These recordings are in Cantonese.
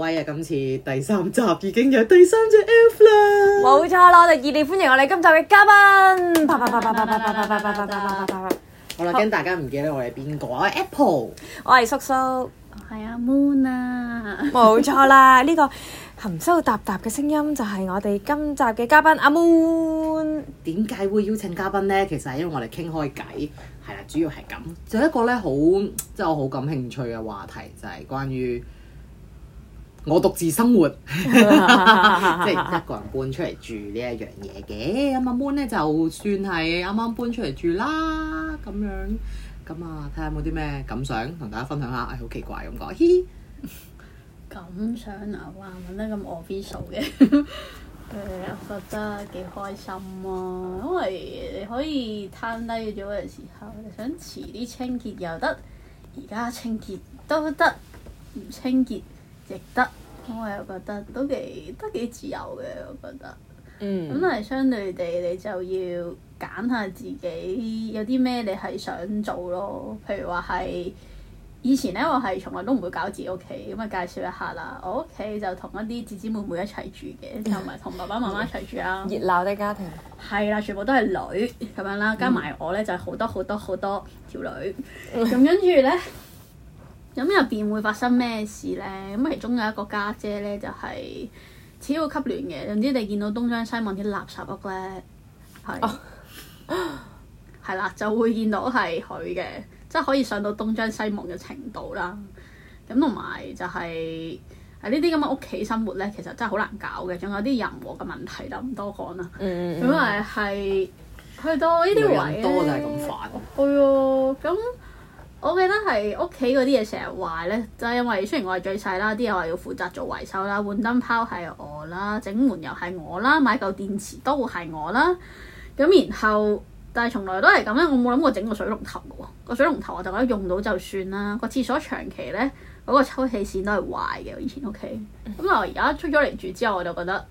威啊！今次第三集已經有第三隻 f 啦，冇錯啦！我哋熱烈歡迎我哋今集嘅嘉賓，啪啪啪啪啪啪啪啪，好啦，驚大家唔記得我哋邊個？好 Apple 我係 Apple，我係叔叔，係阿 Moon 啊！冇錯啦，呢 個含羞答答嘅聲音就係我哋今集嘅嘉賓阿 Moon。點解會邀請嘉賓咧？其實係因為我哋傾開偈，係啦，主要係咁，就是、一個咧好即係、就是、我好感興趣嘅話題，就係、是、關於。我獨自生活 即，即係一個人搬出嚟住呢一樣嘢嘅，咁呀 Moon 咧就算係啱啱搬出嚟住啦，咁樣咁啊，睇下有冇啲咩感想同大家分享下。唉、哎，好奇怪咁講，嘻嘻感想啊，哇問得咁 official 嘅？誒、 呃，我覺得幾開心啊，因為你可以攤低咗嘅時候，你想遲啲清潔又得，而家清潔都得，唔清潔。亦得，因為我覺得都幾都幾自由嘅，我覺得。嗯。咁但係相對地，你就要揀下自己有啲咩你係想做咯。譬如話係以前咧，我係從來都唔會搞自己屋企，咁啊介紹一下啦。我屋企就同一啲姊姊妹妹一齊住嘅，嗯、就唔係同爸爸媽媽一齊住啊。熱鬧的家庭。係啦，全部都係女咁樣啦，加埋我咧就好多好多好多條女。咁跟住咧。 咁入邊會發生咩事咧？咁其中有一個家姐咧，就係、是、超級亂嘅。總之你見到東張西望啲垃圾屋咧，係係啦，就會見到係佢嘅，即、就、係、是、可以上到東張西望嘅程度啦。咁同埋就係喺呢啲咁嘅屋企生活咧，其實真係好難搞嘅。仲有啲人和嘅問題，嗯嗯嗯，就唔多講啦。咁啊係去到呢啲人多就係咁煩。係啊、哦，咁。我記得係屋企嗰啲嘢成日壞咧，就係因為雖然我係最細啦，啲人話要負責做維修啦，換燈泡係我啦，整門又係我啦，買嚿電池都係我啦。咁然後，但係從來都係咁樣，我冇諗過整個水龍頭嘅喎，個水龍頭我就覺得用到就算啦。個廁所長期咧，嗰個抽氣扇都係壞嘅。以前屋企咁，嗱而家出咗嚟住之後，我就覺得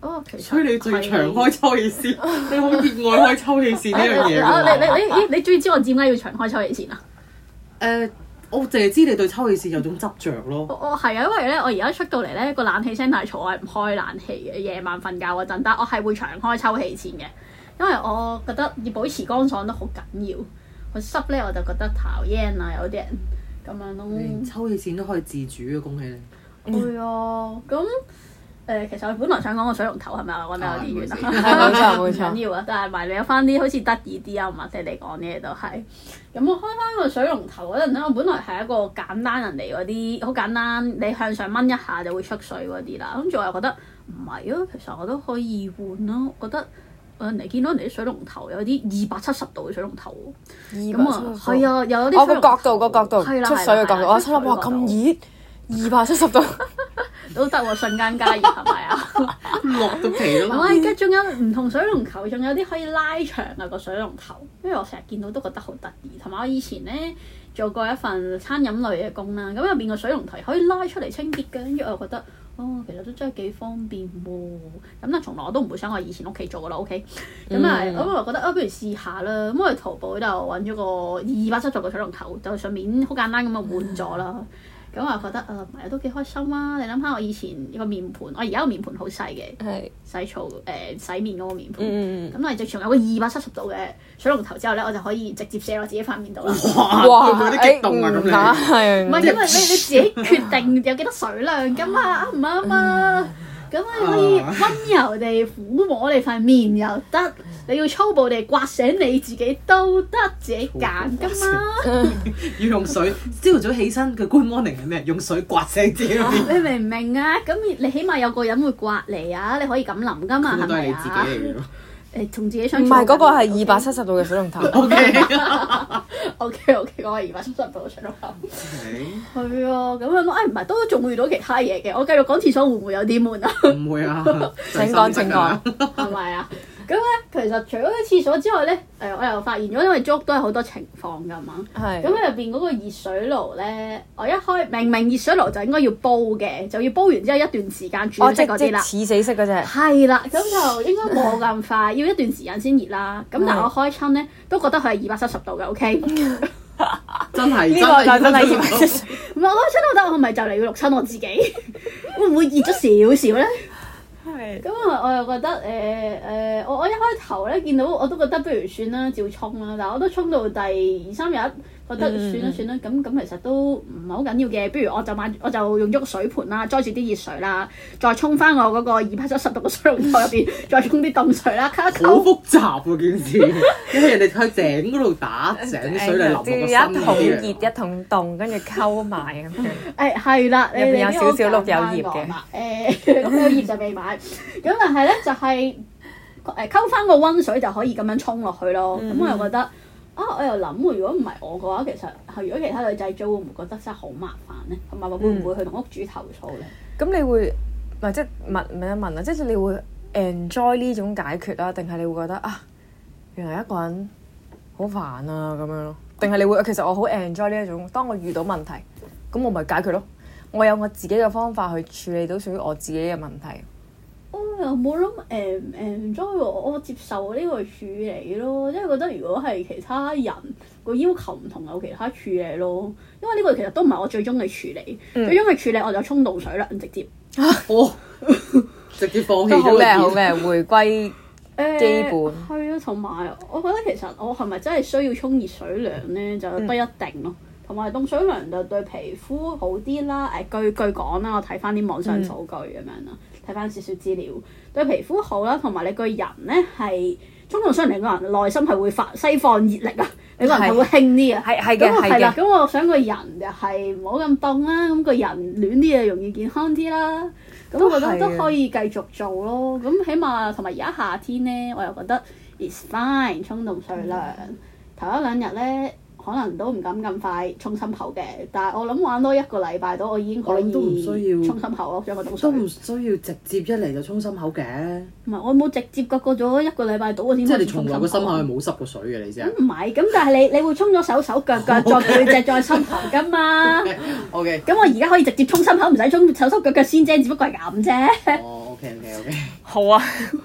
哦，其實你最長開抽氣扇， 你好熱愛開抽氣扇呢樣嘢你你你你咦？你最知我點解要長開抽氣扇啊？誒、呃，我淨係知你對抽氣扇有種執着咯。我我係啊，因為咧，我而家出到嚟咧，個冷氣聲太吵我，我係唔開冷氣嘅，夜晚瞓覺嗰陣，但我係會長開抽氣扇嘅，因為我覺得要保持乾爽都好緊要。佢濕咧，我就覺得頭煙啊，有啲人咁樣咯。連抽氣扇都可以自主嘅。恭喜你。係啊、 嗯，咁、哎。誒、呃，其實我本來想講個水龍頭係咪？我講得有啲遠啦，唔緊要啊。要錯但係埋你有翻啲好似得意啲啊、或者你嚟講嘢都係。咁我開翻個水龍頭嗰陣咧，我本來係一個簡單人哋嗰啲，好簡單，你向上掹一下就會出水嗰啲啦。咁住我又覺得唔係咯，其實我都可以換咯、啊。覺得誒，你、呃、見到你啲水龍頭有啲二百七十度嘅水龍頭，咁二百七十度係啊，有啲、哦、角度個角度出水嘅角度，我心諗哇咁熱，二百七十度。都得喎，瞬間加熱係咪啊？ 落到皮咯。我而家仲有唔同水龍頭，仲有啲可以拉長啊個水龍頭，因為我成日見到都覺得好得意。同埋我以前咧做過一份餐飲類嘅工啦，咁入邊個水龍頭可以拉出嚟清潔嘅，跟住我又覺得哦，其實都真係幾方便喎。咁但係從來我都唔會想我以前屋企做噶啦，OK？咁啊、嗯，咁我覺得、哦、不如試下啦。咁去淘寶度揾咗個二百七十嘅水龍頭，就順便好簡單咁啊換咗啦。嗯咁我覺得啊，成日都幾開心啊！你諗下，我以前個面盤，我而家個面盤好細嘅，洗澡、誒洗面嗰個面盤。咁嚟直仲有個二百七十度嘅水龍頭之後咧，我就可以直接卸落自己塊面度啦。哇！有哇激動啊？咁、哎嗯、你係唔係因為你你自己決定有幾多水量噶嘛？啱唔啱啊？咁你可以溫柔地撫摸你塊面又得， 你要粗暴地刮醒你自己都得，自己揀噶嘛。 要用水，朝頭早起身佢 good morning 係咩？用水刮醒啲。 你明唔明啊？咁你起碼有個人會刮你啊！你可以咁諗噶嘛，係咪啊？差唔多都係你自己嚟。 誒，同自己相處唔係嗰個係二百七十度嘅水龍頭。O K O K，我係二百七十度嘅水龍頭。係 Okay. 啊，咁樣啊，唔、哎、係都仲會遇到其他嘢嘅。我繼續講廁所會唔會有啲悶啊？唔 會啊。啊 請講，請講，係咪 啊？咁咧，其實除咗啲廁所之外咧，誒、呃，我又發現咗，因為租屋都係好多情況噶嘛。係。咁入邊嗰個熱水爐咧，我一開明明熱水爐就應該要煲嘅，就要煲完之後一段時間煮、哦、即嗰啲啦。似死色嗰隻。係啦，咁就應該冇咁快， 要一段時間先熱啦。咁但係我開親咧，都覺得佢係二百七十度嘅，OK 真是。 真係，呢個真係二百七十。我開親都覺得，我係咪就嚟要錄親我自己， 會唔會熱咗少少咧？ 咁啊，我又覺得誒誒，我我一開頭咧見到我都覺得不如算啦，照沖啦，但係我都沖到第二三日，覺得算啦算啦，咁咁其實都唔係好緊要嘅，不如我就買，我就用咗個水盆啦，載住啲熱水啦，再沖翻我嗰個二百咗十六個水龍頭入邊，再沖啲凍水啦，好複雜喎件事，因為人哋喺井嗰度打井水嚟淋我個身嘅。一桶熱一桶凍，跟住溝埋咁樣。誒係啦，入邊有少少綠有葉嘅。誒，咁個葉就未買。咁 但係咧，就係誒溝翻個溫水就可以咁樣沖落去咯。咁、嗯、我又覺得啊，我又諗喎，如果唔係我嘅話，其實係如果其他女仔做，會唔會覺得真係好麻煩咧？同埋會唔會去同屋主投訴咧？咁、嗯、你會咪即係問問一問啊？即係你會 enjoy 呢種解決啊？定係你會覺得啊，原來一個人好煩啊咁樣咯？定係你會其實我好 enjoy 呢一種，當我遇到問題咁，我咪解決咯。我有我自己嘅方法去處理到屬於我自己嘅問題。哦、我冇諗誒誒唔知我接受呢個處理咯，因為覺得如果係其他人個要求唔同，有其他處理咯。因為呢個其實都唔係我最終嘅處理，嗯、最終嘅處理我就沖凍水涼直接、啊、 直接放棄都好嘅回歸誒、呃、基本係啊。同埋，我覺得其實我係咪真係需要沖熱水涼咧，就不一定咯。同埋凍水涼就對皮膚好啲啦。誒、呃、據據講啦，我睇返啲網上數據咁樣啦。睇翻少少資料，對皮膚好啦，同埋你個人咧係衝凍上嚟，個人內心係會發釋放熱力啊，你個人係會興啲啊，係係嘅係嘅。咁樣我想個人又唔好咁凍啦，咁個人暖啲就容易健康啲啦。咁我覺得我都可以繼續做咯，咁的起碼同埋而家夏天咧，我又覺得 it's fine 衝凍水涼。嗯、頭一兩日咧。可能都唔敢咁快沖心口嘅，但係我諗玩多一個禮拜到，我已經可以沖心口咯，將個肚水。都唔需要直接一嚟就沖心口嘅。唔係，我冇直接過咗一個禮拜到先。即係你從來個心口係冇濕過水嘅，你知啊？咁唔係，咁但係你你會沖咗手手腳腳 再再再沖心口噶嘛？O K，咁我而家可以直接沖心口，唔使沖手手腳腳先啫，只不過係咁啫。哦，O K，O K，O K，好啊。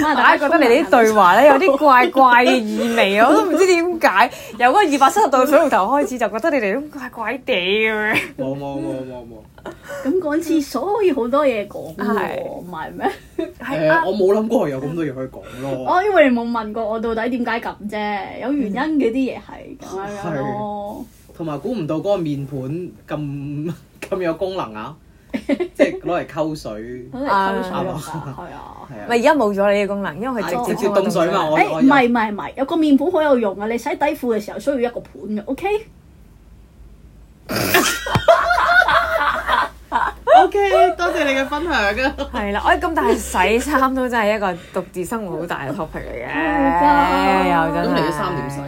大家覺得你哋啲對話咧有啲怪怪嘅意味， 我都唔知點解由嗰個二百七十度水龍頭開始就覺得你哋都怪怪地嘅、啊。 冇冇冇冇冇。咁 講廁所可以好多嘢講，唔係咩是？啊是， 欸、 我冇諗過有咁多嘢可以講咯。哦， 因為你冇問過我到底點解咁啫，有原因嘅啲嘢係咁啊，樣咯、嗯。同埋估唔到嗰個面盤咁咁有功能啊！即係攞嚟溝水，係啊，咪而家冇咗呢個功能，因為佢直接凍水嘛。我唔係唔係唔係，有個面盤好有用啊！你洗底褲嘅時候需要一個盤嘅，OK？OK，多謝你嘅分享啊！係啦，哎，咁但係洗衫都真係一個獨自生活好大嘅 topic 嚟嘅，又真咁嚟咗三年洗。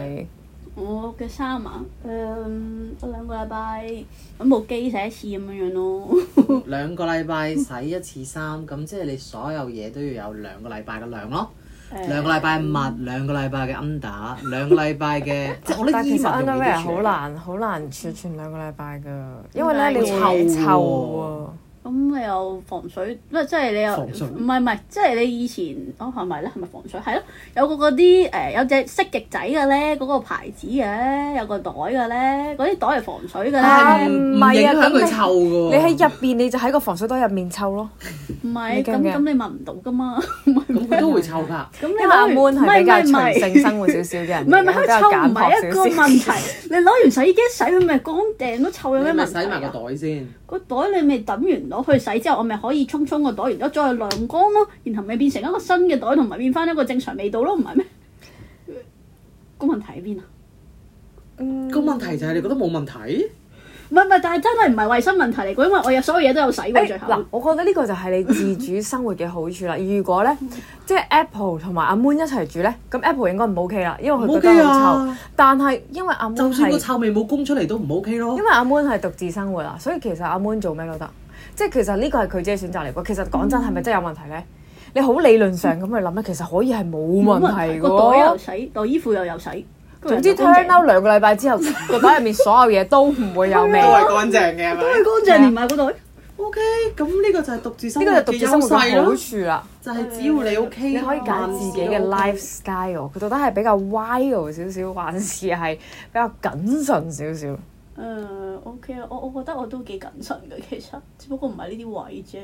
嘅衫啊，誒、um, 兩個禮拜咁部機洗一次咁樣樣咯。 兩個禮拜洗一次衫，咁即係你所有嘢都要有兩個禮拜嘅量咯。Uh、兩個禮拜襪，兩個禮拜嘅 under，兩個禮拜嘅即係我啲衣物要點儲？好 難好難儲存兩個禮拜㗎，因為咧 你臭臭、哦、啊。 咁你又防水？即係你又防水？唔係唔係，即係你以前哦係咪咧？係咪防水？係咯，有個嗰啲誒有隻蜥蜴仔嘅咧，嗰個牌子嘅有個袋嘅咧，嗰啲袋係防水嘅咧。唔係啊，咁佢臭㗎。你喺入邊你就喺個防水袋入面臭咯。唔係咁咁，你聞唔到噶嘛？唔係咁佢都會臭㗎。因為阿 Moon 性生活少少嘅，唔係唔係臭唔係一個問題。你攞完洗衣機洗佢咪乾淨，都臭有咩問題？洗埋個袋先。個袋你咪抌完攞去洗之後，我咪可以沖沖個袋，完咗再晾乾咯，然後咪變成一個新嘅袋，同埋變翻一個正常味道咯，唔係咩？個 問題喺邊啊？個、嗯、問題就係你覺得冇問題？唔係唔係，但係真係唔係衞生問題嚟㗎，因為我有所有嘢都有洗過、欸、最後。嗱，我覺得呢個就係你自主生活嘅好處啦。 如果呢，即係 Apple 同埋阿 Moon 一齊住呢，咁 Apple 應該唔 OK 啦，因為佢覺得好臭。啊、但係因為阿，m 就算個臭味冇供出嚟都唔 OK 咯。因為阿 Moon 係獨自生活啦，所以其實阿 Moon 做咩都得。即係其實呢個係佢自己選擇嚟㗎。其實講真係咪、嗯、真係有問題呢？你好理論上咁去諗咧，嗯、其實可以係冇問題嘅。個袋又洗，袋衣服又有洗。總之，turn out 兩個禮拜之後， 個袋入面所有嘢都唔會有味。 都係乾淨嘅， 都係乾淨，連埋個袋。O K，咁呢個就係獨自生，呢個就獨自生活嘅好處啦。 就係只要你 O K， 你可以揀自己嘅 lifestyle。佢到底係比較 wild 少少，還是係比較謹慎少少？誒，O K，我我覺得我都幾謹慎嘅，其實只不過唔係呢啲位啫。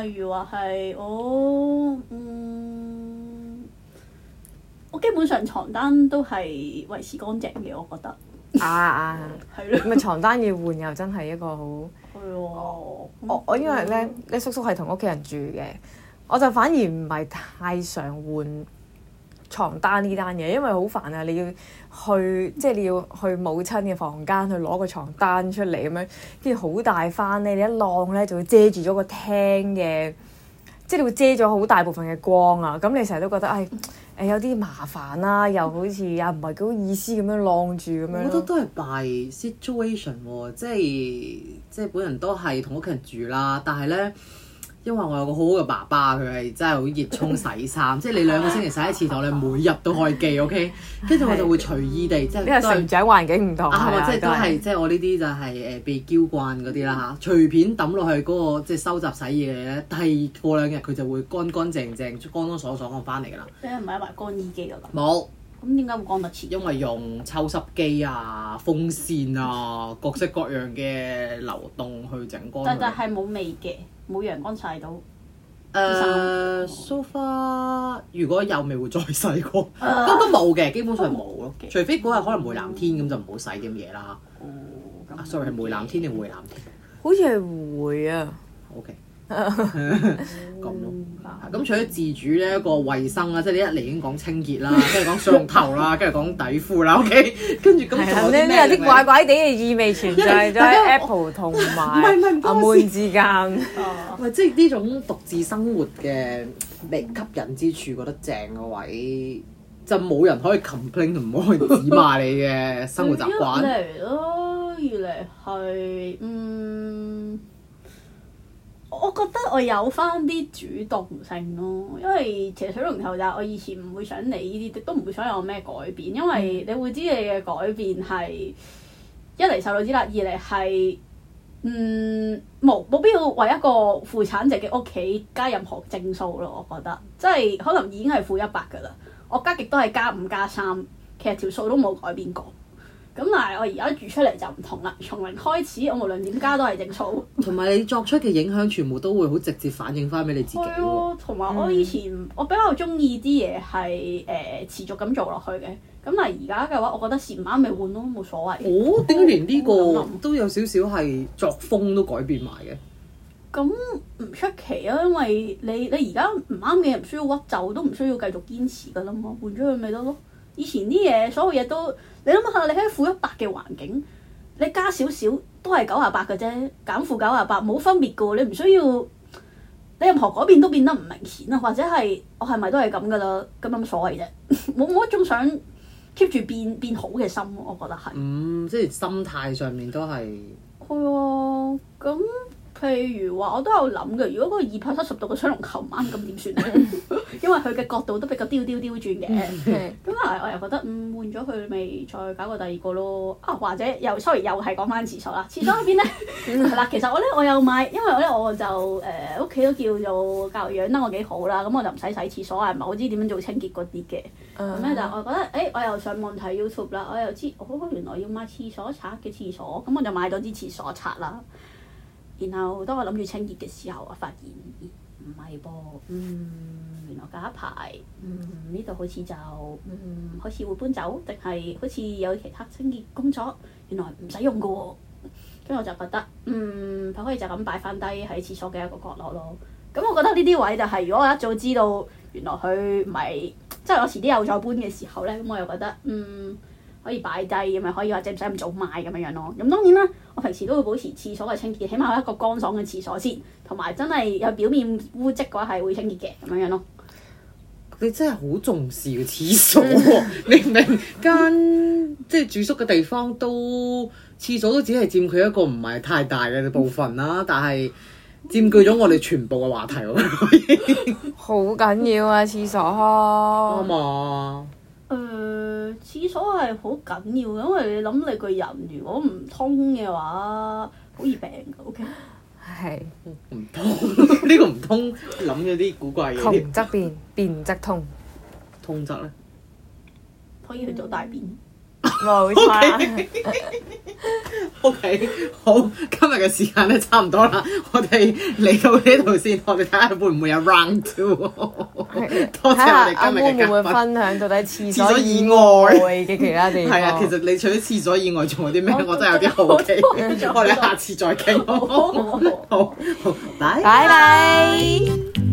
例如話係我，oh，嗯。我基本上床單都係維持乾淨嘅，我覺得。啊啊，係咯 了。咪床單要換又真係一個好。了我、嗯、我因為咧，咧、嗯、叔叔係同屋企人住嘅，我就反而唔係太常換床單呢單嘢，因為好煩啊！你要去即係、就是、你要去母親嘅房間去攞個床單出嚟咁樣，跟住好大翻咧，你一晾咧就會遮住咗個廳嘅。即係你會遮咗好大部分嘅光啊！咁你成日都覺得，誒、哎、誒、呃、有啲麻煩啦、啊，又好似又唔係幾好意思咁樣晾住咁樣。樣啊、我覺得都係大 situation、哦、即係即係本人都係同屋企人住啦，但係咧。因為我有個好好嘅爸爸，佢係真係好熱衷洗衫， 即係你兩個星期洗一次， 我哋每日都開機，OK。跟住我就會隨意地即係。因為成長環境唔同。啊，啊即係都係是即係我呢啲就係誒被嬌慣嗰啲啦嚇，隨便抌落去嗰、嗰個即係收集洗嘢咧，係過兩日佢就會乾乾淨淨、乾乾爽爽咁翻嚟㗎啦。俾人買埋乾衣機㗎啦。冇樣。咁點解會乾得切？因為用抽濕機啊、風扇啊， 各式各樣嘅流動去整乾。 但但係冇味嘅，冇陽光晒到。誒、uh，sofa 如果有味會再曬過，都都冇嘅，基本上冇嘅。除非嗰日可能梅南天咁，就唔好曬啲嘢啦。哦，sorry，係梅南天定梅南天？好似係梅啊。O K。咁咁除咗自主呢一個衞生啦，即係你一嚟已經講清潔啦，跟住講水龍頭啦，跟住 講底褲啦，OK，跟住咁，呢， 有啲怪怪哋嘅意味存在在 Apple 同埋我阿妹之間，唔係唔係，當時之間，啊、即係呢種獨自生活嘅未吸引之處，覺得正嘅位，就冇人可以 complain 同唔可以指罵你嘅生活習慣咯 ，越嚟越嗯。我覺得我有翻啲主動性咯，因為其實水龍頭就係我以前唔會想理呢啲，都唔會想有咩改變，因為你會知你嘅改變係一嚟受到掣肘啦，二嚟係嗯冇冇必要為一個負產值嘅屋企加任何正數咯。我覺得即係可能已經係負一百㗎啦，我加極都係加五加三，3，其實條數都冇改變過。咁但係我而家住出嚟就唔同啦，從零開始，我無論點加都係正數。同埋你作出嘅影響，全部都會好直接反映翻俾你自己同埋、 啊、我以前、嗯、我比較中意啲嘢係誒持續咁做落去嘅。咁但係而家嘅話，我覺得事唔啱咪換咯，冇所謂。我點解連呢這個都有少少係作風都改變埋嘅？咁唔出奇啊，因為你你而家唔啱嘅唔需要屈就，都唔需要繼續堅持噶啦嘛，換咗佢咪得咯。以前啲嘢，所有嘢都。你諗下，你喺負一百嘅環境，你加少少都係九十八嘅啫，減負九十八冇分別噶，你唔需要你任何改變都變得唔明顯啊，或者係我係咪都係咁噶啦？咁有乜所謂啫？冇冇一種想 keep 住變變好嘅心，我覺得係，嗯，即係心態上面都係，係啊，咁。譬如話，我都有諗嘅。如果嗰個二百七十度嘅水龍球唔啱，咁點算咧？ 因為佢嘅角度都比較刁刁刁，刁轉嘅。咁啊，我又覺得嗯換咗佢，咪再搞個第二個咯。啊，或者又，sorry，又係講翻廁所啦。廁所嗰邊咧，係啦 了，其實我咧我又買，因為咧我就誒屋企都叫做教養得我幾好啦。咁我就唔使洗廁所啊，唔係好知點樣做清潔嗰啲嘅。咁咧就我覺得，誒、欸、我又上網睇 YouTube 啦，我又知哦，原來要買廁所刷嘅廁所，咁我就買咗支廁所刷啦。然後當我諗住清潔嘅時候啊，我發現唔係噃，嗯，原來隔一排，嗯呢度好似就，嗯，好似會搬走，定係好似有其他清潔工作，原來唔使用㗎喎。跟住我就覺得，嗯，佢可以就咁擺翻低喺廁所嘅一個角落咯。咁我覺得呢啲位就係，如果我一早知道原來佢唔係，即係我遲啲又再搬嘅時候咧，咁我又覺得，嗯。可以擺低，咁咪可以或者唔使咁早買咁樣樣咯。咁當然啦，我平時都會保持廁所嘅清潔，起碼有一個乾爽嘅廁所先，同埋真係有表面污跡嘅話係會清潔嘅咁樣樣咯。你真係好重視個廁所，你明唔明？間即係住宿嘅地方都廁所都只係佔佢一個唔係太大嘅部分啦，但係佔據咗我哋全部嘅話題喎，好緊要啊廁所，啱唔啱啊？廁所係好緊要嘅，因為你諗你個人如果唔通嘅話，好易病㗎。OK，係唔通，呢個唔通諗咗啲古怪嘢。窮則變，變則通，通則咧可以去做大便。嗯 OK，OK，好，今日嘅時間咧差唔多啦，我哋嚟到呢度先，我哋睇下會唔會有 round two。多謝我哋今日嘅分會唔會分享到底廁所以外嘅其他地方？係啊，其實你除咗廁所以外仲有啲咩？我真係有啲好奇。我哋下次再傾。好，好，拜拜。